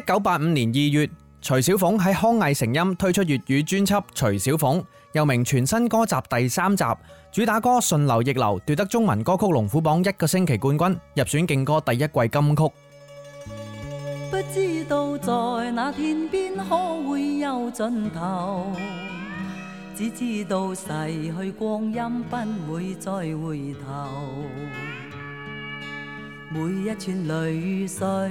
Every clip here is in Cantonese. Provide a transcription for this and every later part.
一九八五年二月，徐小鳳喺康藝成音推出粵語專輯《徐小鳳》，又名《全新歌集第三集》，主打歌《順流逆流》奪得中文歌曲龍虎榜一個星期冠軍，入選勁歌第一季金曲。不知道在那天邊可會有盡頭，只知道逝去光陰不會再回頭，每一串淚水。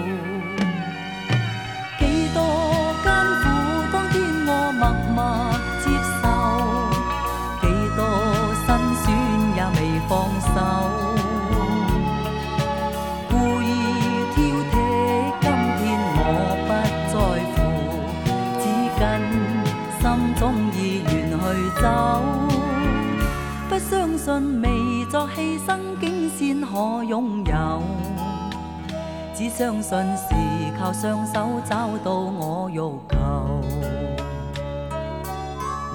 相信是靠雙手找到我欲求，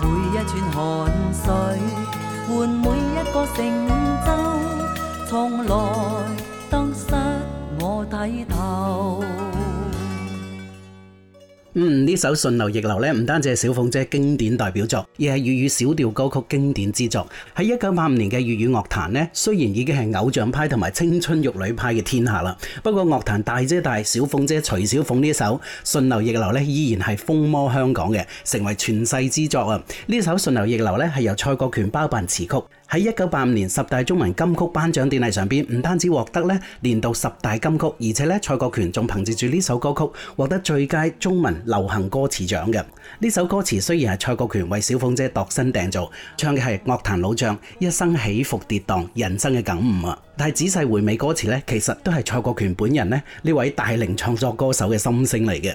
每一串汗水換每一個成就，從來得失我睇透。嗯，呢首《順流逆流》咧，唔單止係小鳳姐經典代表作，亦係粵語小調歌曲經典之作。喺一九八五年嘅粵語樂壇咧，雖然已經係偶像派同埋青春玉女派嘅天下啦，不過樂壇大姐大、大，小鳳姐徐小鳳呢首《順流逆流》咧，依然係風魔香港嘅，成為傳世之作啊！呢首《順流逆流》咧係由蔡國權包辦詞曲。喺一九八五年十大中文金曲頒獎典禮上邊，唔單止獲得咧年度十大金曲，而且咧蔡國權仲憑借住呢首歌曲，獲得最佳中文流行歌詞獎嘅。呢首歌詞雖然係蔡國權為小鳳姐度身訂造唱樂壇，唱嘅係樂壇老將一生起伏跌宕人生嘅感悟啊，但係仔細回味歌詞咧，其實都係蔡國權本人咧，呢位大齡創作歌手嘅心聲嚟嘅。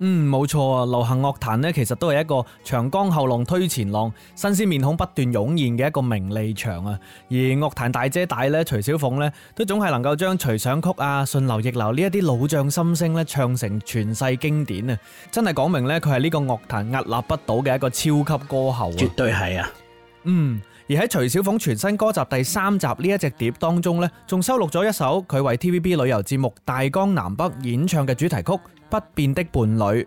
嗯，冇錯啊！流行樂壇咧，其實都係一個長江後浪推前浪，新鮮面孔不斷湧現嘅一個名利場啊！而樂壇大姐大咧，徐小鳳咧，都總係能夠將隨想曲啊、順流逆流呢一啲老將心聲咧，唱成傳世經典啊！真係講明咧，佢係呢個樂壇屹立不倒嘅一個超級歌后。絕對係啊！嗯。而喺徐小鳳全新歌集第三集呢一隻碟當中呢，仲收錄咗一首佢為 TVB 旅遊節目《大江南北》演唱嘅主題曲《不變的伴侶》。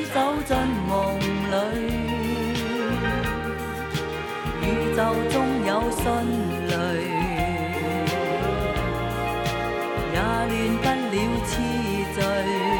心累，也斷不了痴醉。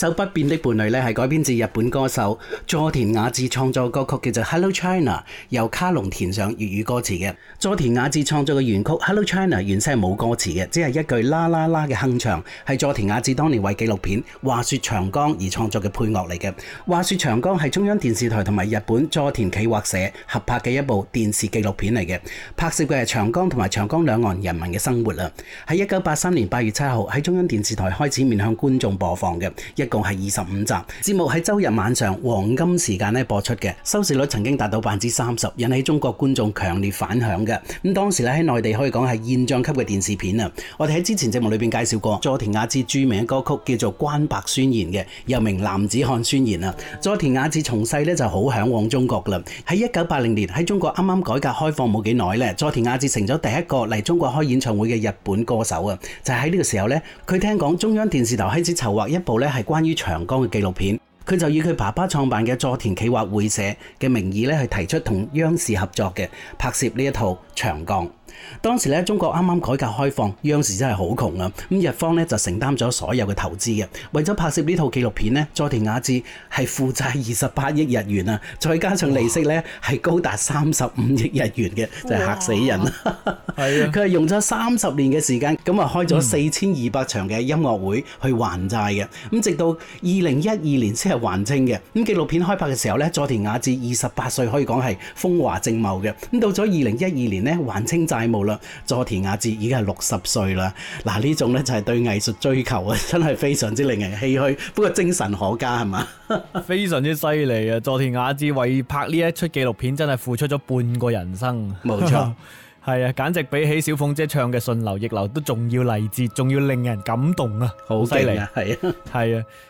首不變的伴侶咧，係改編自日本歌手佐田雅志創作歌曲，叫做《Hello China》，由卡龍填上粵語歌詞嘅。佐田雅志創作嘅原曲《Hello China》原先係冇歌詞嘅，只係一句啦啦啦嘅哼唱，係佐田雅志當年為紀錄片《話說長江》而創作嘅配樂嚟嘅。《話說長江》係中央電視台同埋日本佐田企劃社合拍嘅一部電視紀錄片嚟嘅，拍攝嘅係長江同埋長江兩岸人民嘅生活啦，喺一九八三年八月七號喺中央電視台開始面向觀眾播放嘅。共係二十五集，節目喺周日晚上黃金時間咧播出嘅，收視率曾經達到百分之三十，引起中國觀眾強烈反響嘅。咁當時咧喺內地可以講係現象級嘅電視片啊！我哋喺之前節目裏邊介紹過，佐田雅志著名歌曲叫做《關白宣言》嘅，又名《男子漢宣言》啊！佐田雅志從細咧就好向往中國啦。喺一九八零年喺中國啱啱改革開放冇幾耐咧，佐田雅志成咗第一個嚟中國開演唱會嘅日本歌手啊！就係喺呢個時候呢，佢聽講中央電視台開始籌劃一部咧係。關於長江嘅紀錄片，佢就以佢爸爸創辦嘅佐田企劃會社嘅名義咧，係提出同央視合作嘅拍攝呢一套長江。當時咧，中國啱啱改革開放，央視真係好窮啊！咁日方咧就承擔咗所有嘅投資嘅。為咗拍攝呢套紀錄片咧，佐田雅志係負債二十八億日元啊，再加上利息咧係高達三十五億日元嘅，真係嚇死人啦！係啊哇，佢係 用咗三十年嘅時間，咁啊開咗四千二百場嘅音樂會去還債嘅。咁、嗯、直到二零一二年先係還清嘅。咁紀錄片開拍嘅時候咧，佐田雅志二十八歲，可以講係風華正茂嘅。咁到咗二零一二年咧還清債務。好啦，佐田雅志已經係六十歲啦。嗱，呢種咧就係對藝術追求啊，真係非常之令人唏噓。不過精神可嘉係嘛，是 非常之犀利啊！佐田雅志為拍呢一齣紀錄片，真係付出咗半個人生。冇錯錯。 係啊，簡直比起小鳳姐唱嘅順流逆流都仲要勵志，仲要令人感動啊！好犀利啊！係 啊，啊，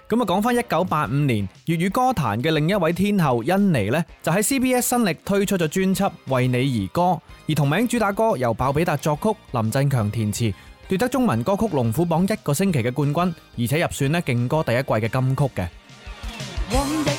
咁啊講返一九八五年粵語歌壇嘅另一位天后甄妮呢，就喺 CBS 新力推出咗專輯《為你而歌》，而同名主打歌由鮑比達作曲、林振強填詞，奪得中文歌曲龍虎榜一個星期嘅冠軍，而且入選呢勁歌第一季嘅金曲嘅。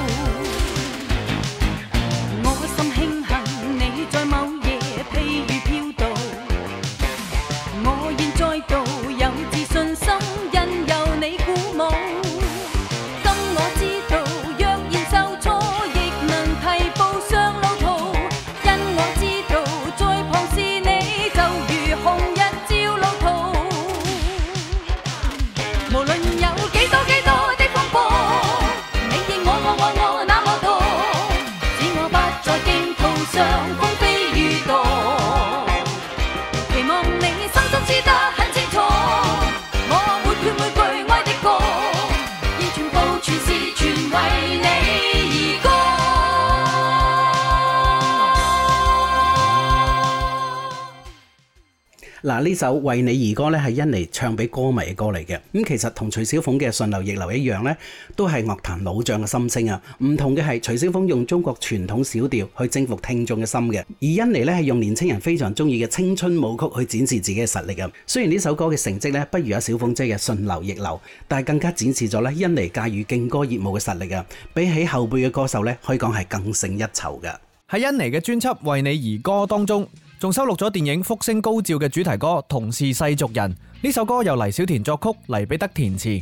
呢首《為你而歌》咧係甄妮唱俾歌迷嘅歌嚟嘅，咁其實同徐小鳳嘅《順流逆流》一樣呢都係樂壇老將嘅心聲啊！唔同嘅係徐小鳳用中國傳統小調去征服聽眾嘅心嘅，而甄妮呢，係用年輕人非常中意嘅青春舞曲去展示自己嘅實力啊！雖然呢首歌嘅成績咧不如阿小鳳姐嘅《順流逆流》，但係更加展示咗咧甄妮駕馭勁歌熱舞嘅實力啊！比起後輩嘅歌手呢，可以講係更勝一籌㗎。喺甄妮嘅專輯《為你而歌》當中，仲收錄咗電影《福星高照》嘅主題歌《同是世俗人》，呢首歌由黎小田作曲，黎彼得填詞。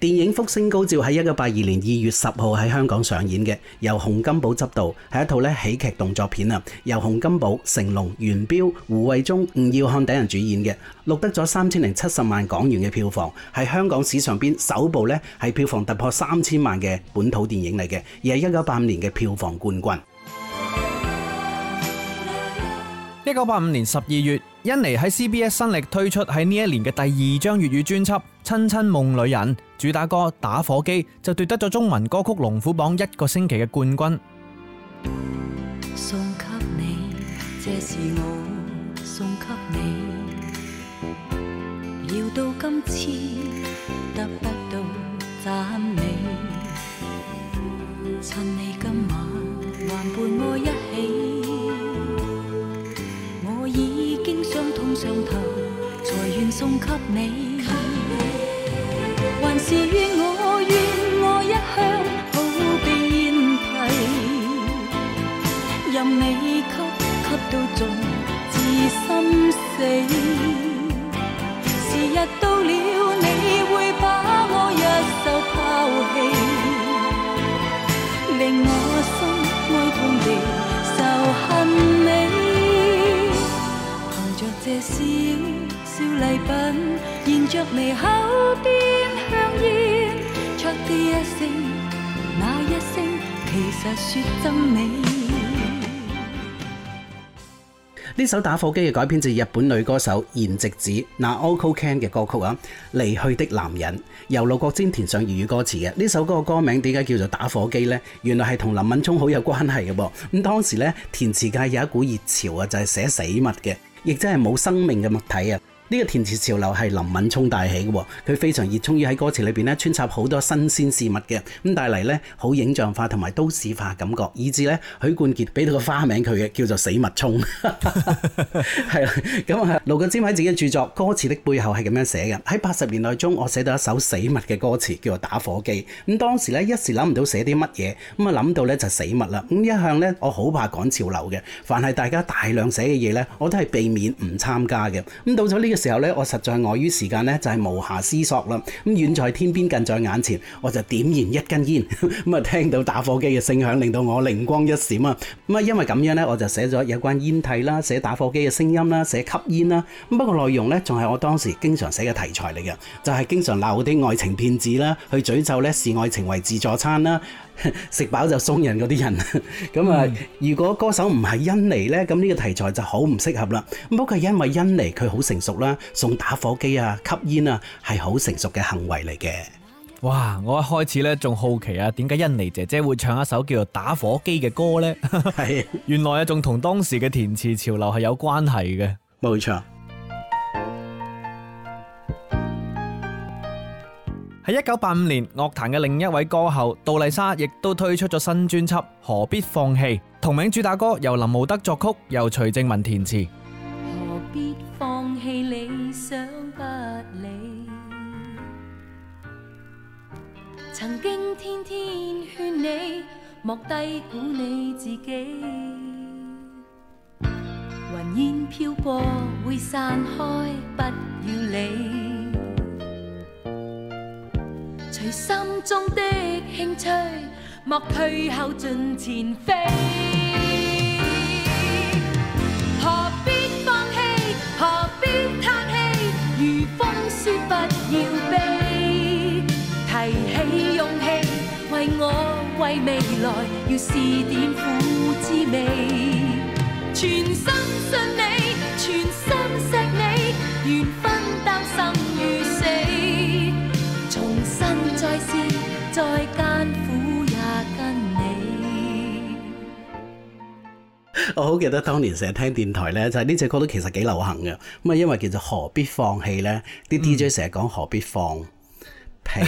電影《福星高照》喺一九八二年二月十號喺香港上演嘅，由洪金寶執導，係一套咧喜劇動作片，由洪金寶、成龍、元彪、胡慧中、吳耀漢等人主演嘅，錄得咗三千零七十萬港元嘅票房，係香港史上邊首部呢係票房突破三千萬嘅本土電影嚟嘅，亦係一九八五年嘅票房冠軍。一九八五年十二月，甄妮喺 CBS 新力推出喺呢一年嘅第二張粵語專輯《親親夢裏人》，主打歌《打火機》就奪得咗中文歌曲龍虎榜一個星期嘅冠軍。送給你，這是我送給你，還是怨我怨我一向好被厭棄，任你給給到盡至心死，時日到了你會把我一手拋棄，令我心哀痛地仇恨你，憑着這小。呢首打火機嘅改編自日本女歌手岩澤子拿 o k o k e n 嘅歌曲啊，《離去的男人》由陸國晶填上粵語歌詞嘅。呢首歌嘅歌名點解叫做打火機呢？原來係同林敏聰好有關係嘅噃。咁當時呢，填詞界有一股熱潮啊，就係寫死物嘅，亦即係冇生命嘅物體啊。呢個填詞潮流係林敏聰帶起嘅，佢非常熱衷於喺歌詞裏邊咧穿插好多新鮮事物嘅，咁帶嚟咧好影像化同埋都市化感覺，以至咧許冠傑俾到個花名佢嘅叫做死物聰，係啊， 咁啊盧國沾喺自己嘅著作歌詞的背後係咁樣寫嘅，喺八十年代中我寫到一首死物嘅歌詞叫做打火機，咁當時咧一時諗唔到寫啲乜嘢，咁啊諗到咧就死物啦，咁一向咧我好怕趕潮流嘅，凡係大家大量寫嘅嘢咧我都係避免唔參加嘅，咁到咗呢個時候咧，我實在礙於時間咧，就係無暇思索啦。咁遠在天邊，近在眼前，我就點燃一根煙，咁啊聽到打火機嘅聲響，令到我靈光一閃啊！咁啊，因為咁樣咧，我就寫咗有關煙蒂啦，寫打火機嘅聲音啦，寫吸煙啦。咁不過內容咧，仲係我當時經常寫嘅題材嚟嘅，就係經常鬧啲愛情騙子啦，去詛咒咧視愛情為自助餐啦。食飽 就送人嗰啲人，咁啊，如果歌手唔係甄妮呢，咁呢個題材就好唔適合啦。不過因為甄妮佢好成熟啦，送打火機啊、吸煙啊，係好成熟嘅行為嚟嘅。哇，我一開始呢仲好奇啊，點解甄妮姐姐會唱一首叫做《打火機》嘅歌呢？係 原來啊，仲同當時嘅填詞潮流係有關係嘅。冇錯。喺一九八五年，樂壇嘅另一位歌后杜麗莎亦都推出咗新專輯《何必放棄》，同名主打歌由林慕德作曲，由徐靜雯填詞。何必放棄理想不理？曾經天天勸你莫低估你自己，雲煙飄過會散開，不要理。隨心中的興趣，莫退後，盡前飛。何必放棄？何必嘆氣？如風雪不要避，提起勇氣，為我，為未來，要試點苦滋味。全心信你，全心錫你，緣分擔心。再艱苦也跟你。我好記得當年成日聽電台呢，就係呢隻歌都其實幾流行嘅。咁啊，因為其實何必放棄呢？啲、嗯、DJ 成日講何必放。係，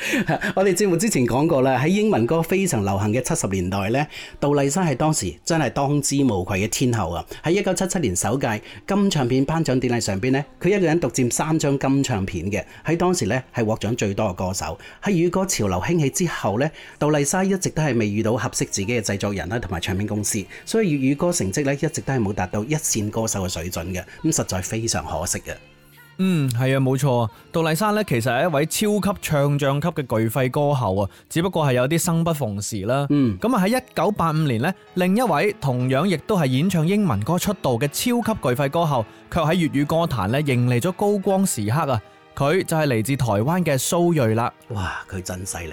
是 我哋節目之前講過啦，喺英文歌非常流行嘅七十年代呢，杜麗莎係當時真係當之無愧嘅天后啊！喺一九七七年首屆金唱片頒獎典禮上邊呢，佢一個人獨佔三張金唱片嘅，喺當時呢，係獲獎最多嘅歌手。喺粵語歌潮流興起之後呢，杜麗莎一直都係未遇到合適自己嘅製作人啦，同埋唱片公司，所以粵語歌成績咧一直都係冇達到一線歌手嘅水準嘅，咁實在非常可惜嘅。嗯，係啊，冇錯。杜麗莎呢，其實係一位超級唱將級嘅巨肺歌后啊，只不過係有啲生不逢時啦。嗯，咁啊喺一九八五年呢，另一位同樣亦都係演唱英文歌出道嘅超級巨肺歌后，卻喺粵語歌壇呢，迎嚟咗高光時刻啊！佢就係嚟自台灣嘅蘇芮啦。哇，佢真犀利。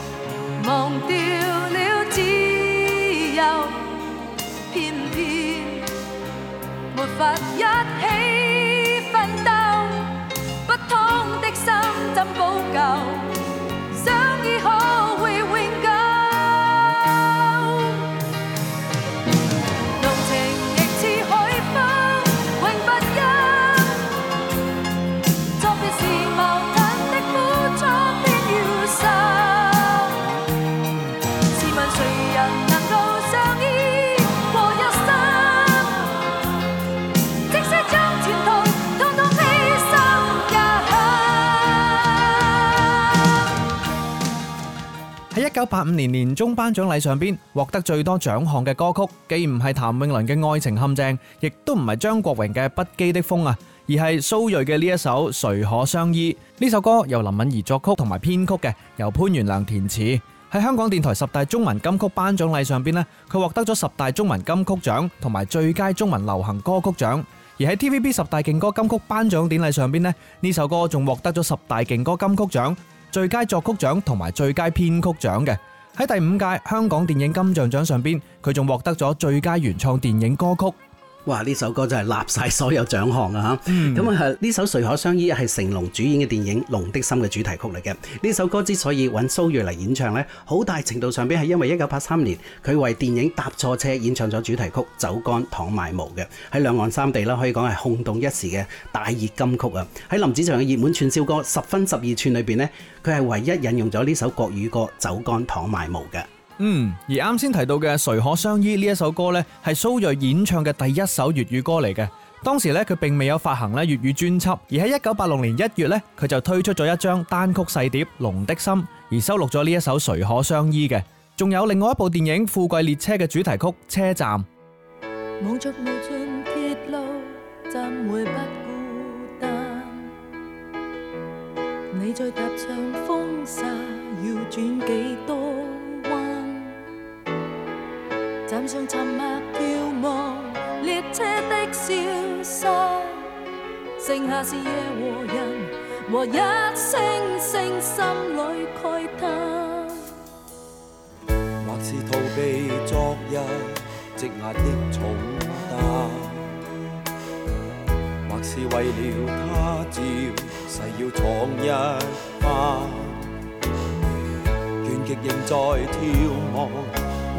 忘掉了自由，偏偏沒法一起奮鬥，不通的心怎補救？喺八五年年終頒獎禮上邊，獲得最多獎項嘅歌曲，既唔係譚詠麟嘅《愛情陷阱》，亦都唔係張國榮嘅《不羈的風》啊，而係蘇芮嘅呢一首《誰可相依》。呢首歌由林敏怡作曲同埋編曲嘅，由潘源良填詞。喺香港電台十大中文金曲頒獎禮上邊咧，佢獲得咗十大中文金曲獎同埋最佳中文流行歌曲獎。而喺 TVB 十大勁歌金曲頒獎典禮上邊咧，呢首歌仲獲得咗十大勁歌金曲獎。最佳作曲獎同埋最佳編曲獎嘅，喺第五屆香港電影金像獎上邊，佢仲獲得咗最佳原創電影歌曲。哇！呢首歌就係立晒所有獎項啊嚇！咁啊呢首《誰可相依》係成龍主演嘅電影《龍的心》嘅主題曲嚟嘅。呢首歌之所以揾蘇芮嚟演唱呢，好大程度上邊係因為一九八三年佢為電影《搭錯車》演唱咗主題曲《酒干倘賣無》嘅，喺兩岸三地啦可以講係轟動一時嘅大熱金曲啊！喺林子祥嘅熱門串燒歌《十分十二寸》裏邊呢，佢係唯一引用咗呢首國語歌《酒干倘賣無》嘅。嗯，而啱先提到嘅《誰可相依》呢一首歌咧，係蘇芮演唱嘅第一首粵語歌嚟嘅。當時咧，佢並未有發行咧粵語專輯，而喺一九八六年一月咧，佢就推出咗一張單曲細碟《龍的心》，而收錄咗呢一首《誰可相依》嘅。仲有另外一部電影《富貴列車》嘅主題曲《車站》。岸上沉默眺望，列車的消失，剩下是夜和人，和一聲聲心裏慨嘆。或是逃避昨日積壓的重擔，或是為了他朝誓要闖一番，倦極仍在眺望。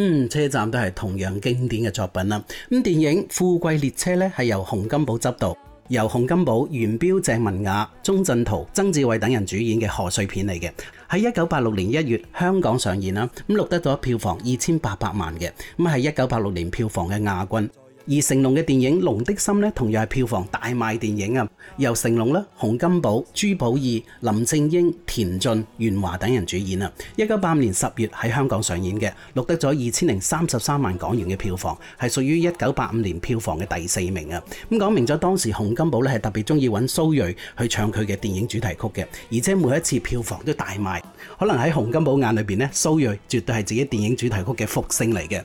嗯，車站都係同樣經典嘅作品啦。咁電影《富貴列車》呢係由洪金寶執導，由洪金寶、元彪、鄭文雅、鍾鎮濤、曾志偉等人主演嘅賀歲片嚟嘅。喺一九八六年一月香港上演啦，咁錄得咗票房二千八百萬嘅，咁係一九八六年票房嘅亞軍。而成龍嘅電影《龍的心》咧，同樣係票房大賣電影啊！由成龍啦、洪金寶、朱寶意、林正英、田俊、元華等人主演啊！一九八五年十月喺香港上演嘅，錄得咗二千零三十三萬港元嘅票房，係屬於一九八五年票房嘅第四名啊！咁講明咗當時洪金寶咧係特別中意揾蘇芮去唱佢嘅電影主題曲嘅，而且每一次票房都大賣，可能喺洪金寶眼裏邊咧，蘇芮絕對係自己電影主題曲嘅福星嚟嘅。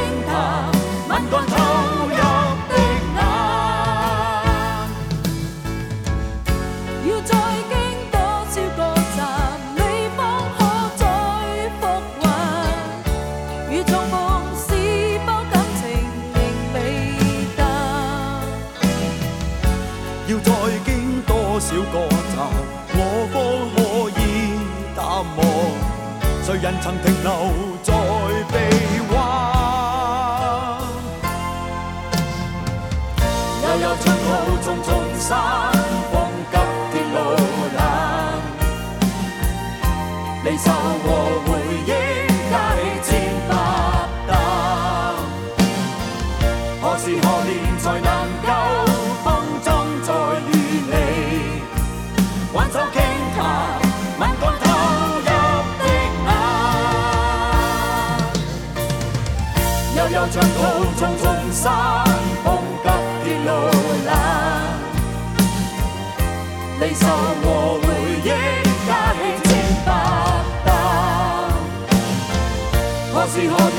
在人曾停留。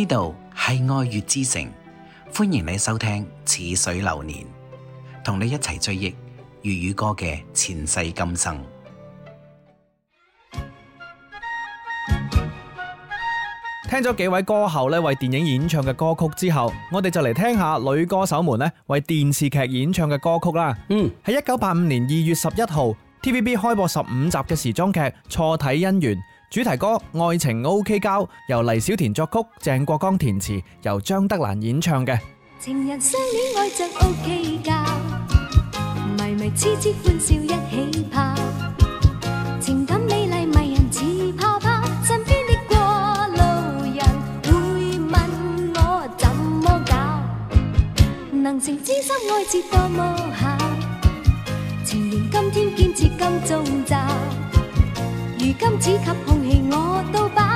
呢度係愛粵之城，歡迎你收聽《似水流年》，同你一齊追憶粵語歌嘅前世今生。聽咗幾位歌后呢，為電影演唱嘅歌曲之後，我哋就嚟聽下女歌手們呢，為電視劇演唱嘅歌曲啦。嗯，喺一九八五年二月十一號，TVB 開播十五集嘅時裝劇《錯體姻緣》。主題歌《愛情 OK 膠》由黎小田作曲，鄭國江填詞，由張德蘭演唱嘅。如今只及空氣，我都不。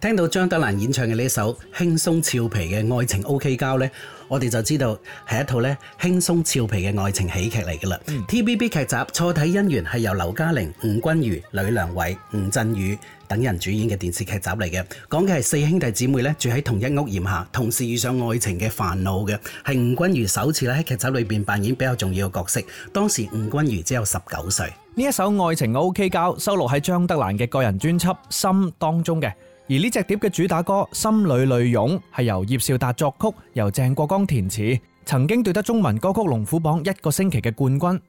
聽到張德蘭演唱嘅呢首輕鬆俏皮嘅愛情 O.K. 膠咧，我哋就知道係一套咧輕鬆俏皮嘅愛情喜劇嚟噶啦。嗯、T.V.B. 劇集《錯體姻緣》係由劉嘉玲、吳君如、呂良偉、吳鎮宇等人主演嘅電視劇集嚟嘅，講嘅係四兄弟姊妹住喺同一屋檐下，同時遇上愛情嘅煩惱嘅。係吳君如首次咧喺劇集裏邊扮演比較重要嘅角色，當時吳君如只有十九歲。呢一首愛情 O.K. 膠收錄喺張德蘭嘅個人專輯《心》當中嘅。而呢隻碟嘅主打歌《心裏淚湧》係由葉少達作曲，由鄭國江填詞，曾經奪得中文歌曲龍虎榜一個星期嘅冠軍。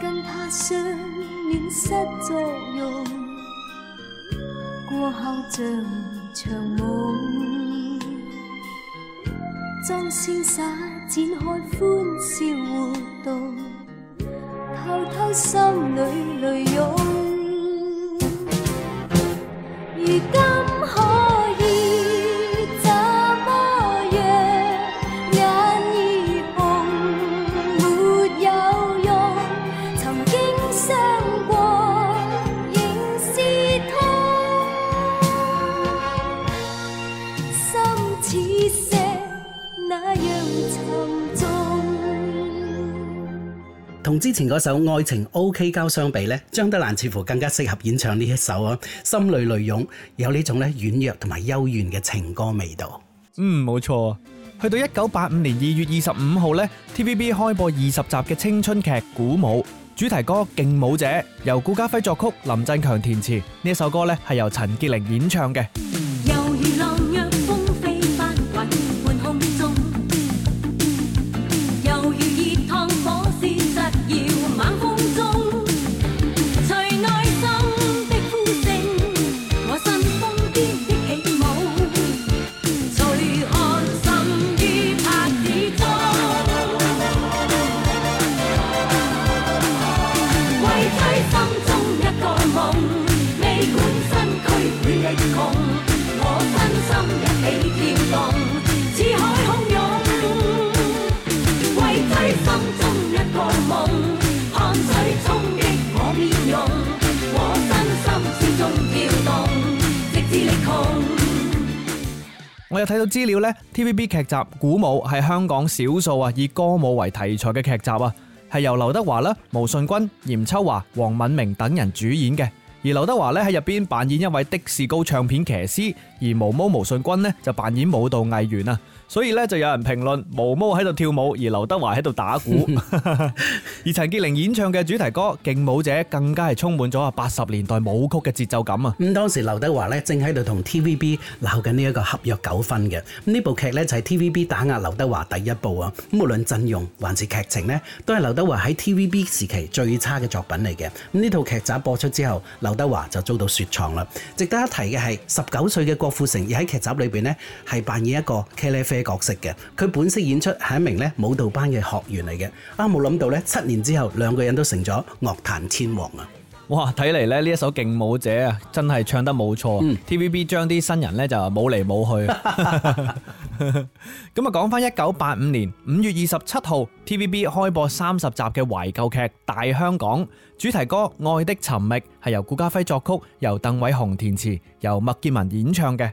跟他相戀失作用，過後像場夢，裝瀟灑展開歡笑活動，偷偷心裏淚湧。如今可。同之前嗰首《愛情 OK 膠》相比咧，張德蘭似乎更加適合演唱呢一首啊，心裏淚湧有呢種咧軟弱同埋幽怨嘅情歌味道。嗯，冇錯。去到一九八五年二月二十五號呢 TVB 開播二十集嘅青春劇《鼓舞》，主題歌《勁舞者》由顧嘉輝作曲，林振強填詞。呢首歌咧係由陳潔靈演唱嘅。資料咧，TVB 劇集《鼓舞》係香港少數啊，以歌舞為題材嘅劇集啊，係由劉德華啦、毛舜筠、嚴秋華、黃敏明等人主演嘅。而劉德華咧喺入邊扮演一位的士高唱片騎師，而毛毛毛舜筠呢就扮演舞蹈藝員啊。所以咧就有人評論毛毛喺度跳舞，而劉德華喺度打鼓。而陳潔靈演唱嘅主題歌《勁舞者》更加係充滿咗八十年代舞曲嘅節奏感啊！咁當時劉德華咧正喺度同 TVB 鬧緊呢一個合約糾紛嘅。呢部劇咧就係 TVB 打壓劉德華第一部啊！咁無論陣容還是劇情呢，都係劉德華喺 TVB 時期最差嘅作品嚟嘅。咁呢套劇集播出之後，劉德華就遭到雪藏啦。值得一提嘅係，十九歲嘅郭富城而喺劇集裏邊呢，係扮演一個角色嘅。佢本色演出係一名咧，舞蹈班嘅學員嚟嘅啊！冇諗到咧，七年之後兩個人都成咗樂壇天王啊！哇睇嚟咧呢一首勁舞者啊真係唱得冇錯，T V B 將啲新人咧，就冇嚟冇去咁啊。講翻一九八五年五月二十七號 T V B 開播三十集嘅懷舊劇大香港主題歌愛的尋覓係由顧嘉輝作曲，由鄧偉雄填詞，由麥潔文演唱嘅。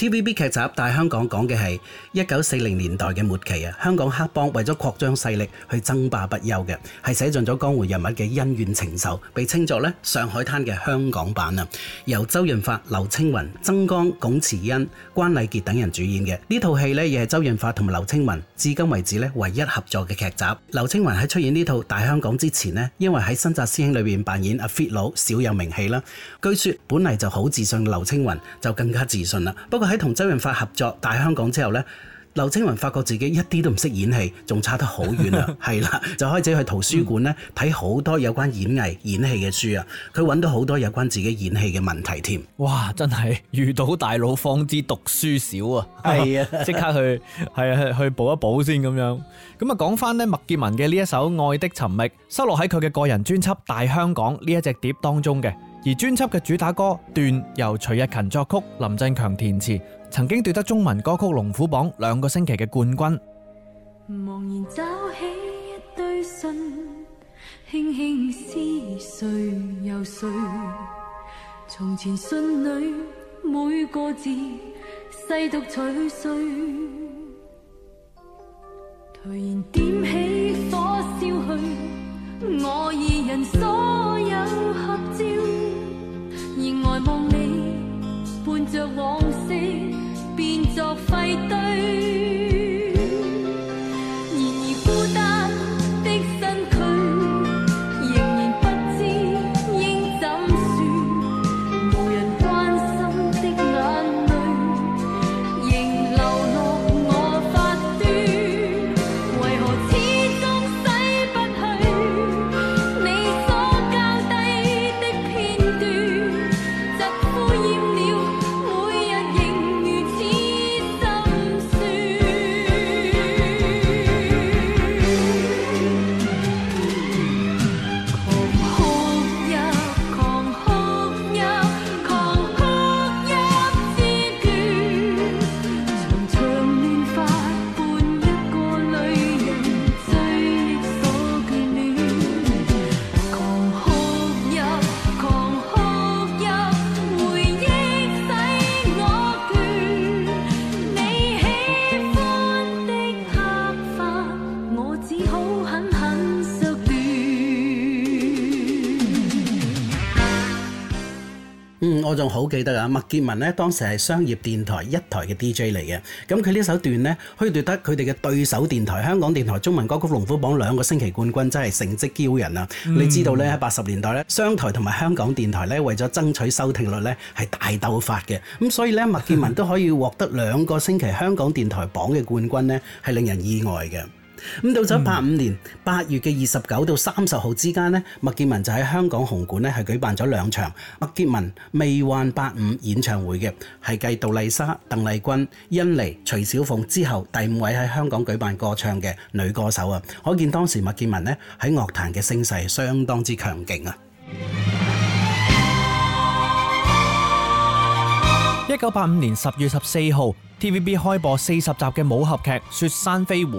TVB 劇集《大香港》講嘅係一九四零年代嘅末期啊，香港黑幫為咗擴張勢力去爭霸不休嘅，係寫盡咗江湖人物嘅恩怨情仇，被稱作咧上海灘嘅香港版啊。由周潤發、劉青雲、曾江、龔慈恩、關禮傑等人主演嘅呢套戲呢，亦係周潤發同埋劉青雲至今為止咧唯一合作嘅劇集。劉青雲喺出演呢套《大香港》之前咧，因為喺《新紮師兄》裏邊扮演阿 Fit 佬小有名氣啦。據說本嚟就好自信，劉青雲就更加自信啦。不過，喺同周潤發合作《大香港》之後呢，劉青雲發覺自己一啲都唔識演戲，仲差得好遠啊！係啦， 就開始去圖書館呢睇，好多有關演藝、演戲嘅書啊。佢揾到好多有關自己演戲嘅問題添。哇！真係遇到大佬，方知讀書少啊！係啊，即刻去係啊去補一補先咁樣。咁啊，講翻呢，麥潔文嘅呢一首《愛的尋覓》，收錄喺佢嘅個人專輯《大香港》呢一隻碟當中嘅。而專輯嘅主打歌斷，由徐日勤作曲，林振強填詞，曾經奪得中文歌曲龍虎榜兩個星期嘅冠軍。茫然抓起一堆信，輕輕撕碎又碎，從前信裏每個字，細讀吹碎。突然點起火燒去我二人所有黑。凝呆望你，伴着往昔，變作廢堆。好記得啊，麥潔文咧當時係商業電台一台嘅 DJ 嚟嘅，咁佢呢首斷咧，可以奪得佢哋嘅對手電台香港電台中文歌曲龍虎榜兩個星期冠軍，真係成績驕人啊！嗯、你知道咧喺八十年代咧，商台同埋香港電台咧為咗爭取收聽率咧係大鬥法嘅，咁所以咧麥潔文都可以獲得兩個星期香港電台榜嘅冠軍咧，係令人意外嘅。咁到咗八五年八月嘅二十九到三十號之間咧，麥潔文就喺香港紅館咧係舉辦咗兩場麥潔文未完八五演唱會嘅，係繼杜麗莎、鄧麗君、甄妮、徐小鳳之後第五位喺香港舉辦歌唱嘅女歌手啊！可見當時麥潔文咧喺樂壇嘅聲勢相當之強勁啊！一九八五年十月十四號，TVB 開播四十集嘅武俠劇《雪山飛狐》。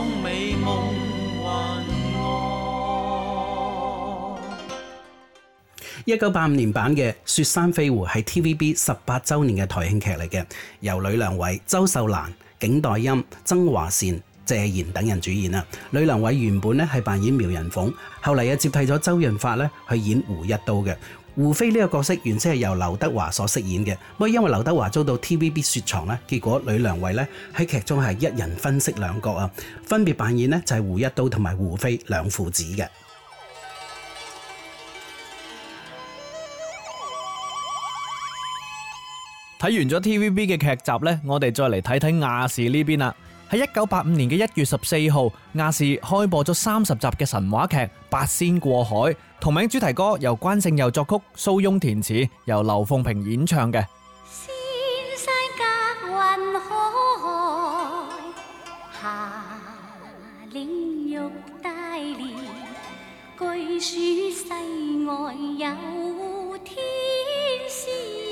美幻一九八五年版嘅《雪山飛狐》係 TVB 十八周年嘅台慶劇嚟嘅，由呂良偉、周秀蘭、景黛音、曾華倩、謝賢等人主演啊！呂良偉原本咧係扮演苗人鳳，後嚟又接替咗周潤發咧去演胡一刀嘅。胡飛呢個角色原先係由劉德華所飾演嘅，不過因為劉德華遭到 TVB 雪藏呢，結果呂良偉呢喺劇中係一人分飾兩角啊，分別扮演呢就係胡一刀同埋胡飛兩父子嘅。睇完咗 TVB 嘅劇集呢，我哋再嚟睇睇亞視呢邊啦。喺一九八五年嘅一月十四號，亞視開播咗三十集嘅神話劇《八仙過海》，同名主題歌由關聖佑作曲，蘇翁填詞，由劉鳳屏演唱嘅。仙山隔雲海，霞嶺玉帶連，據說世外有天仙。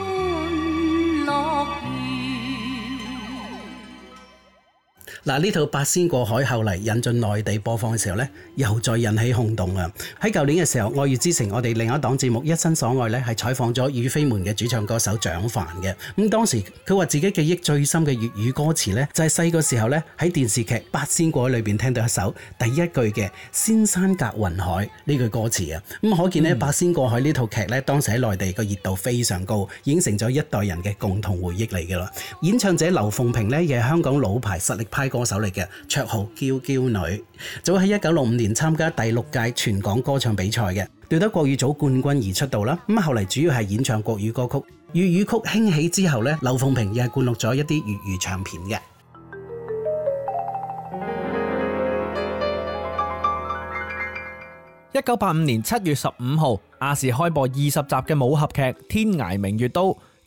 嗱呢套《八仙過海》後嚟引進內地播放嘅時候咧，又再引起轟動啊！喺舊年嘅時候，愛粵之城，我哋另一檔節目《一生所愛》咧，係採訪咗與非門嘅主唱歌手蔣凡嘅。咁當時佢話自己記憶最深嘅粵語歌詞咧，就係細個時候咧喺電視劇《八仙過海》裏邊聽到一首第一句嘅「仙山隔雲海」呢句歌詞啊！咁可見咧，《八仙過海》呢套劇咧，當時喺內地個熱度非常高，已經成咗一代人嘅共同回憶嚟嘅啦。演唱者劉鳳屏咧，亦係香港老牌實力派。歌手嚟嘅，綽號嬌嬌女，早喺一九六五年參加第六屆全港歌唱比賽嘅，奪得國語組冠軍而出道啦。咁後嚟主要係演唱國語歌曲，粵語曲興起之後呢，劉鳳屏亦係灌錄咗一啲粵語唱片嘅。一九八五年七月十五號，亞視開播二十集嘅武俠劇《天涯明月刀》。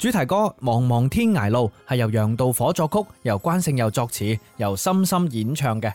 主題歌《茫茫天涯路》係由楊道火作曲，由關聖佑作詞，由森森演唱嘅。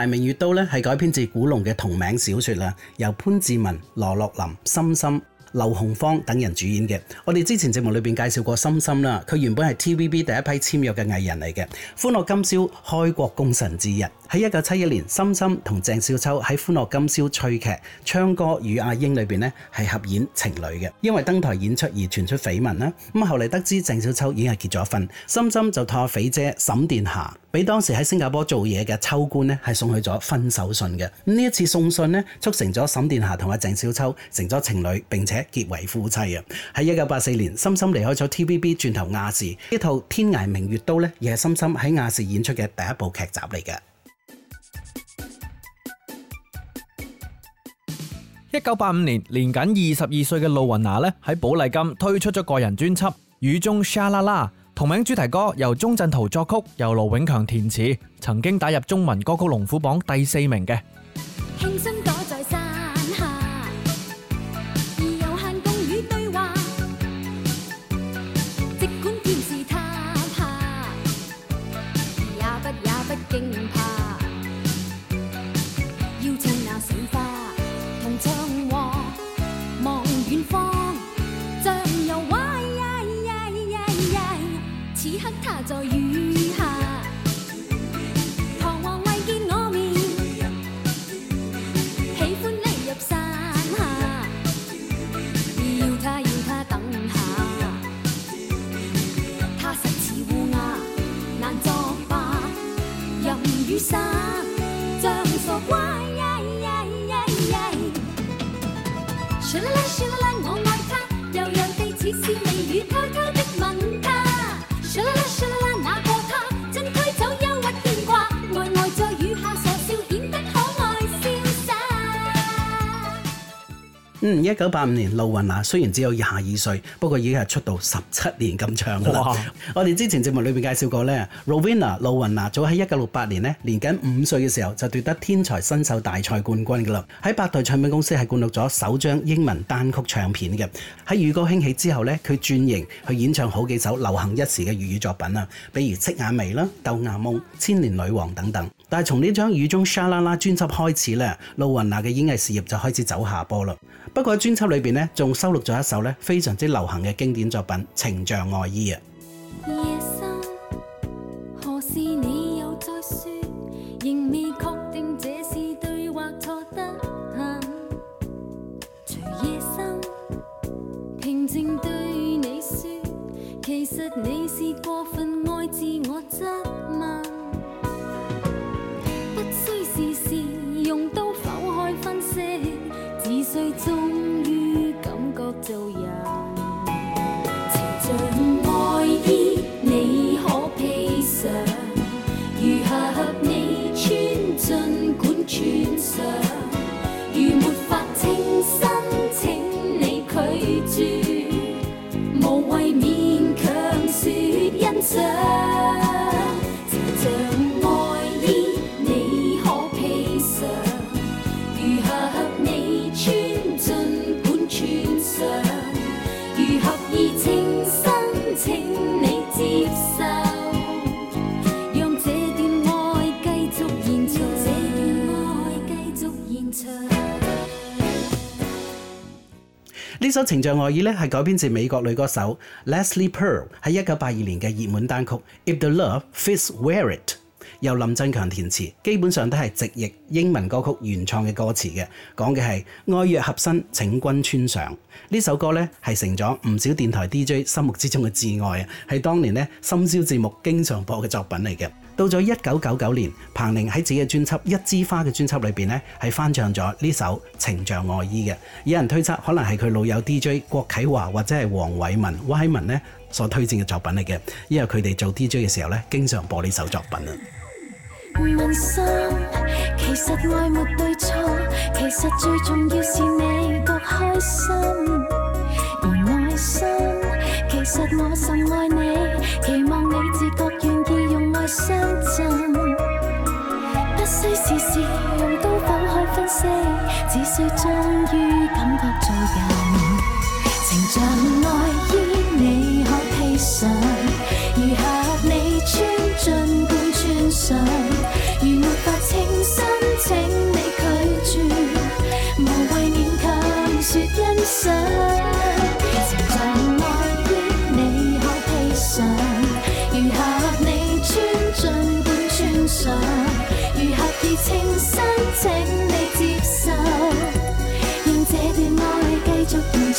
大《明月刀》呢，係改編自古龍嘅同名小說啦，由潘志文、羅樂林、森森、劉鴻芳等人主演嘅。我哋之前節目裏邊介紹過森森啦，佢原本係 TVB 第一批簽約嘅藝人嚟嘅，《歡樂今宵》開國功臣之一。喺一九七一年，深深同鄭少秋喺《歡樂今宵》趣劇《唱歌與阿英》裏邊咧係合演情侶嘅，因為登台演出而傳出緋聞啦。咁後嚟得知鄭少秋已經係結咗婚，深深就託阿肥姐沈殿霞俾當時喺新加坡做嘢嘅秋官咧係送去咗分手信嘅。呢一次送信咧促成咗沈殿霞同阿鄭少秋成咗情侶，並且結為夫妻啊。喺一九八四年，深深離開咗 T V B，轉投亞視。呢套《天涯明月刀》呢，亦係深深喺亞視演出嘅第一部劇集嚟嘅。一九八五年，年僅二十二歲嘅露雲娜呢喺寶麗金推出咗個人專輯《雨中 Sha La La》，同名主題歌由鍾鎮濤作曲，由盧永強填詞，曾經打入中文歌曲龍虎榜第四名嘅。一九八五年，露雲娜雖然只有廿二歲，不過已經係出道十七年咁長啦。哇我哋之前節目裏面介紹過咧，Rowena 露雲娜早喺一九六八年咧，年僅五歲嘅時候就奪得天才新秀大賽冠軍嘅啦。喺百代唱片公司係灌錄咗首張英文單曲唱片嘅。喺粵歌興起之後呢，佢轉型去演唱好幾首流行一時嘅粵語作品啊，比如《赤眼眉》啦、《豆芽夢》、《千年女王》等等。但係從呢張《雨中沙啦啦》專輯開始呢，露雲娜嘅演藝事業就開始走下坡啦。不過專輯裏裏邊咧，仲收錄咗一首咧，非常之流行嘅經典作品《情像外衣》啊。呢首情像外衣咧，係改編自美國女歌手 Leslie Pearl 喺一九八二年嘅熱門單曲《If the Love Fits Wear It》，由林振強填詞，基本上都係直譯英文歌曲原創嘅歌詞嘅，講嘅係愛若合身，請君穿上。呢首歌咧係成咗唔少電台 DJ 心目之中嘅摯愛啊，喺當年呢深宵節目經常播嘅作品嚟嘅。到咗一九九九年，彭羚喺自己嘅專輯《一枝花》嘅專輯裏邊呢，係翻唱咗呢首《情像外衣》嘅。有人推測可能係佢老友 DJ 郭啟華或者係黃偉文、歪文呢所推薦嘅作品嚟嘅，因為佢哋做 DJ 嘅時候呢，經常播呢首作品啊。不需事事用刀剖開分析，只需忠於感覺做人。情像外衣，你可披上。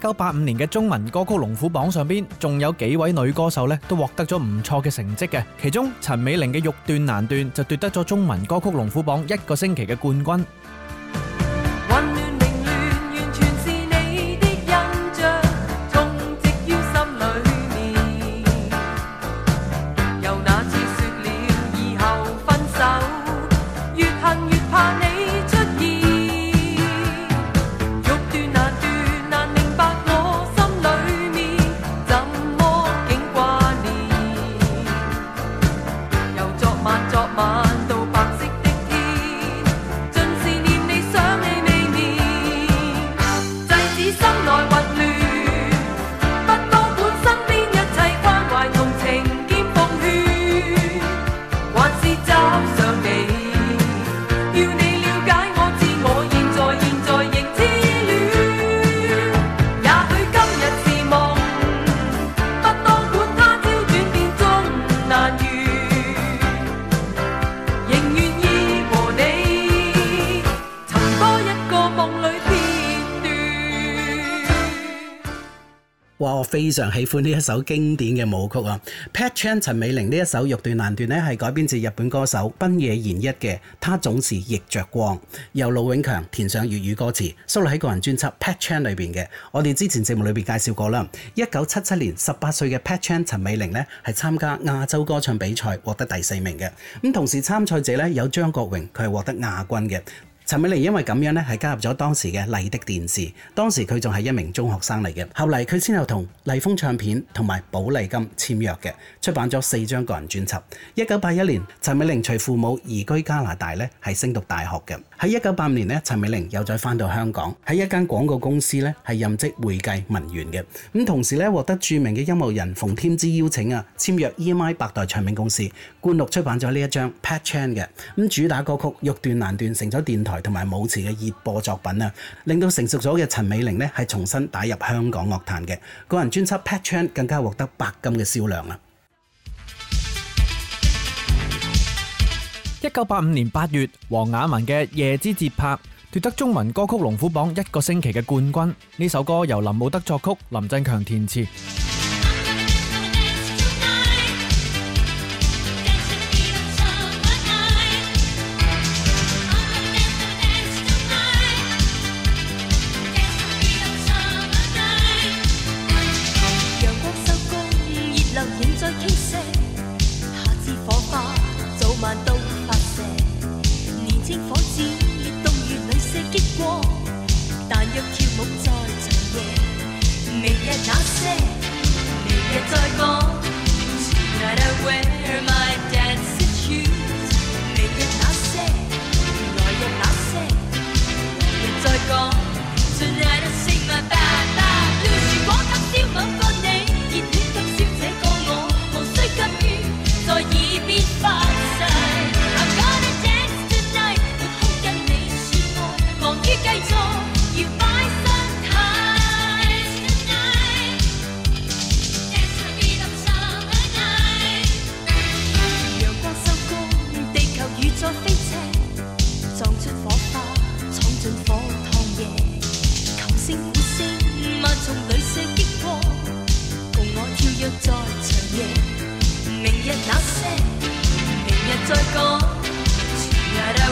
一九八五年嘅中文歌曲龍虎榜上邊，仲有幾位女歌手呢都獲得咗唔錯嘅成績嘅。其中陳美玲嘅《欲斷難斷》就奪得咗中文歌曲龍虎榜一個星期嘅冠軍。非常喜歡呢一首經典嘅舞曲啊，Pat Chan 陳美玲呢一首《欲斷難斷》呢係改編自日本歌手濱野研一嘅《她總是逆着光》，由盧永強填上粵語歌詞，收錄喺個人專輯《Pat Chan》裏邊嘅。我哋之前節目裏邊介紹過啦，一九七七年十八歲嘅 Pat Chan 陳美玲呢係參加亞洲歌唱比賽，獲得第四名嘅。咁同時參賽者呢，有張國榮，佢係獲得亞軍嘅。陳美玲因為咁樣咧，係加入咗當時嘅麗的電視。當時佢仲係一名中學生嚟嘅，後嚟佢先後同麗風唱片同埋寶麗金簽約嘅，出版咗四張個人專輯。一九八一年，陳美玲隨父母移居加拿大咧，係升讀大學嘅。喺一九八五年咧，陳美玲又再返到香港，喺一間廣告公司咧係任職會計文員嘅。咁同時咧獲得著名嘅音樂人馮添枝邀請啊，簽約 EMI 百代唱片公司，灌錄出版咗呢一張 Pat Chan 嘅咁主打歌曲《欲斷難斷》，成咗電台。同埋舞池嘅熱播作品啊，令到成熟咗嘅陳美玲咧，係重新打入香港樂壇嘅個人專輯《Pet Chan》更加獲得白金嘅銷量啊！一九八五年八月，王雅文嘅《夜之節拍》奪得中文歌曲龍虎榜一個星期嘅冠軍。呢首歌由林武德作曲，林振強填詞。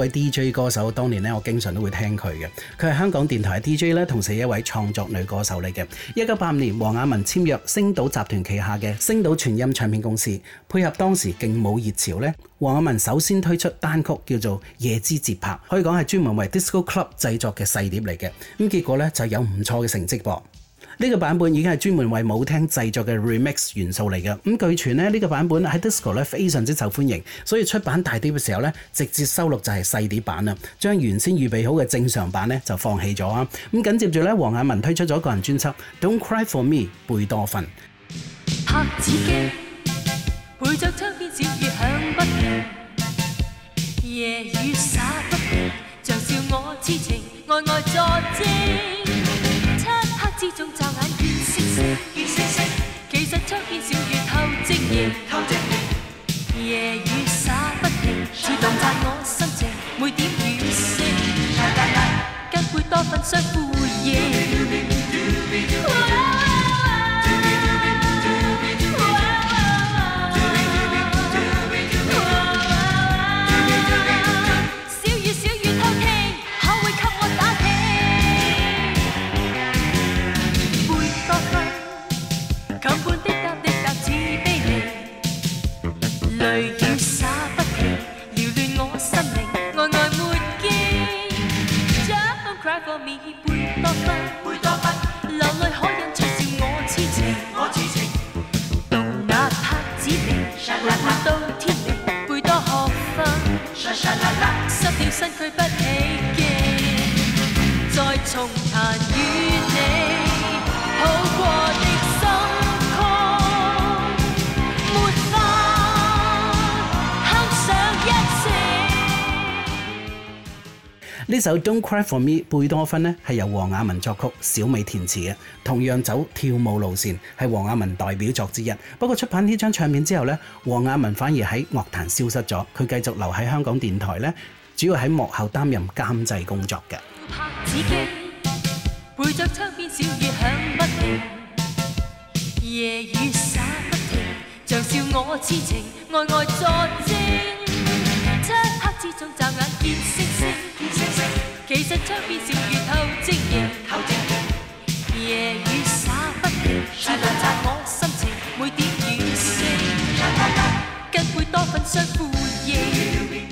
一位 DJ 歌手，當年咧我經常都會聽佢嘅，佢係香港電台嘅 DJ 咧，同時一位創作女歌手嚟嘅。一九八五年，王雅文簽約星島集團旗下嘅星島全音唱片公司，配合當時勁舞熱潮咧，王雅文首先推出單曲叫做《夜之節拍》，可以講係專門為 disco club 製作嘅細碟嚟嘅，咁結果咧就有唔錯嘅成績噃。呢個版本已經係專門為舞廳製作嘅 remix 元素嚟嘅，咁據傳咧呢個版本喺 Disco 咧非常之受歡迎，所以出版大碟嘅時候呢，直接收錄就係細碟版啦，將原先預備好嘅正常版呢，就放棄咗啊！咁緊接住呢，王雅文推出咗個人專輯《Don't Cry For Me》，貝多芬。拍子不不夜雨灑笑我痴情，愛愛作月星星其實初見小雨透，透之夜，夜雨灑不停，似蕩在我心情，每點雨聲，加會多份相呼應。首《Don't Cry for Me》貝多芬呢係由王雅文作曲、小美填詞嘅，同樣走跳舞路線，係王雅文代表作之一。不過出版呢張唱片之後呢，王雅文反而喺樂壇消失咗，佢繼續留喺香港電台呢，主要喺幕後擔任監製工作嘅。其實窗邊是月透靜夜，夜雨灑不停，最難測我心情。每點雨聲，更會多份相呼應。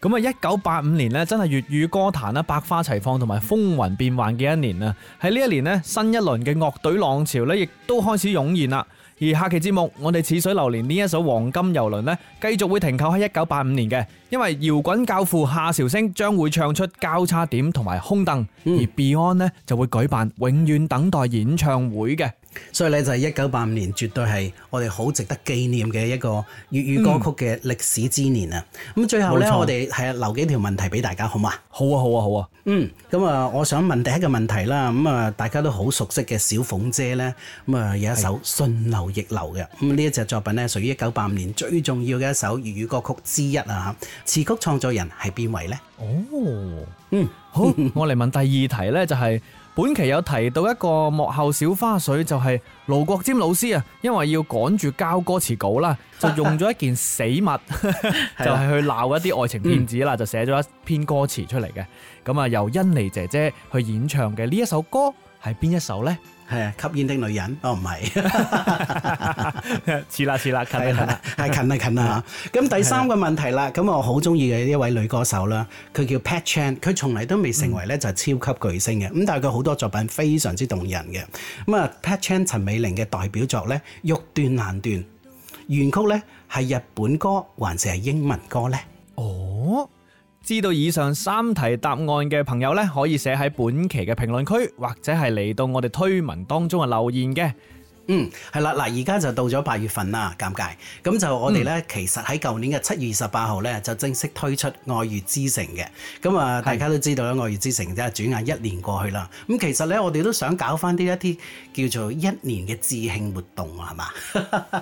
咁啊，一九八五年呢，真係粵語歌壇咧百花齊放，同埋風雲變幻嘅一年啊！喺呢一年呢，新一輪嘅樂隊浪潮呢，亦都開始湧現啦。而下期節目，我哋似水流年呢一艘黃金遊輪呢，繼續會停靠喺一九八五年嘅，因為搖滾教父夏韶聲將會唱出交叉點同埋空凳，而 Beyond 呢，就會舉辦永遠等待演唱會嘅。所以咧，就係一九八五年，絕對係我哋好值得紀念嘅一個粵語歌曲嘅歷史之年啊，嗯！咁最後咧，我哋係啊留幾條問題俾大家，好嘛？好啊，好啊，好啊！嗯，咁啊，我想問第一個問題啦，咁啊，大家都好熟悉嘅小鳳姐咧，咁啊有一首順流逆流嘅，咁呢的一隻作品咧，屬於一九八五年最重要嘅一首粵語歌曲之一啊！詞曲創作人係邊位咧？哦，嗯，嗯好，我嚟問第二題咧，就是，就係。本期有提到一個幕後小花絮，就係盧國尖老師啊，因為要趕住交歌詞稿啦，就用咗一件死物， 就係去鬧一啲愛情騙子啦，就寫咗一篇歌詞出嚟嘅。咁啊，由甄妮姐姐去演唱嘅呢一首歌係邊一首呢？係啊，吸煙的女人。哦，唔係，似 啦似啦，近啦，係近啦近啦。咁 第三個問題啦，咁 我好中意嘅一位女歌手啦，佢 叫 Pat Chan，佢從嚟都未成為咧就係超級巨星嘅。咁但係佢好多作品非常之動人嘅。咁啊 ，Pat Chan 陳美玲嘅代表作咧，欲斷難斷原曲咧係日本歌還是係英文歌咧？哦。知道以上三題答案嘅朋友呢，可以寫喺本期嘅評論區，或者係嚟到我哋推文當中留言嘅。嗯，係啦嗱，而家就到咗八月份啦，尷尬咁就我哋呢，嗯、其實喺舊年嘅七月二十八號呢，就正式推出愛粵之城嘅。咁啊，大家都知道咧，的愛粵之城真係轉眼一年過去啦。咁其實呢，我哋都想搞翻啲一啲叫做一年嘅致慶活動啊，係嘛？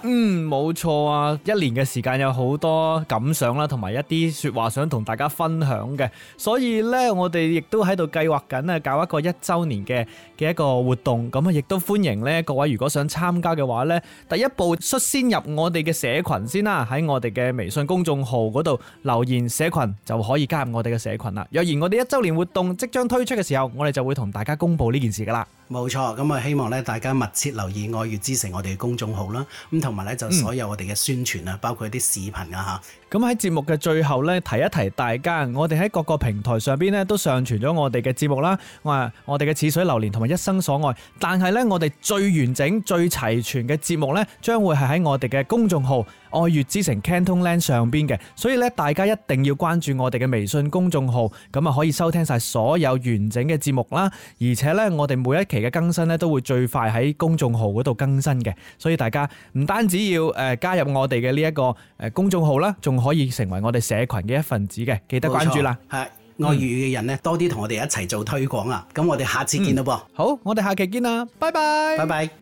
嗯，冇錯啊！一年嘅時間有好多感想啦，同埋一啲說話想同大家分享嘅，所以咧我哋亦都喺度計劃緊啊，搞一個一周年嘅嘅一個活動，咁啊亦都歡迎咧各位如果想參加嘅話咧，第一步率先入我哋嘅社群先啦，喺我哋嘅微信公眾號嗰度留言社群就可以加入我哋嘅社群啦。若然我哋一周年活動即將推出嘅時候，我哋就會同大家公布呢件事噶啦。冇錯，咁啊希望咧大家密切留意愛粵之城我哋嘅公眾號啦。咁同埋咧，就所有我哋嘅宣傳啊，嗯、包括一啲視頻啊吓。咁喺節目嘅最後咧，提一提大家，我哋喺各個平台上邊咧都上傳咗我哋嘅節目啦。我我哋嘅似水流年同埋一生所愛，但係咧我哋最完整、最齊全嘅節目咧，將會係喺我哋嘅公眾號愛粵之城 Cantonland 上邊嘅，所以咧大家一定要關注我哋嘅微信公眾號，咁啊可以收聽晒所有完整嘅節目啦。而且咧，我哋每一期嘅更新咧都會最快喺公眾號嗰度更新嘅，所以大家唔單止要誒加入我哋嘅呢一個誒公眾號啦，仲可以成為我哋社群嘅一份子嘅，記得關注啦。係愛粵嘅人咧，多啲同我哋一齊做推廣啊！咁、嗯、我哋下次見到噃、嗯。好，我哋下期見啦，拜拜。拜拜。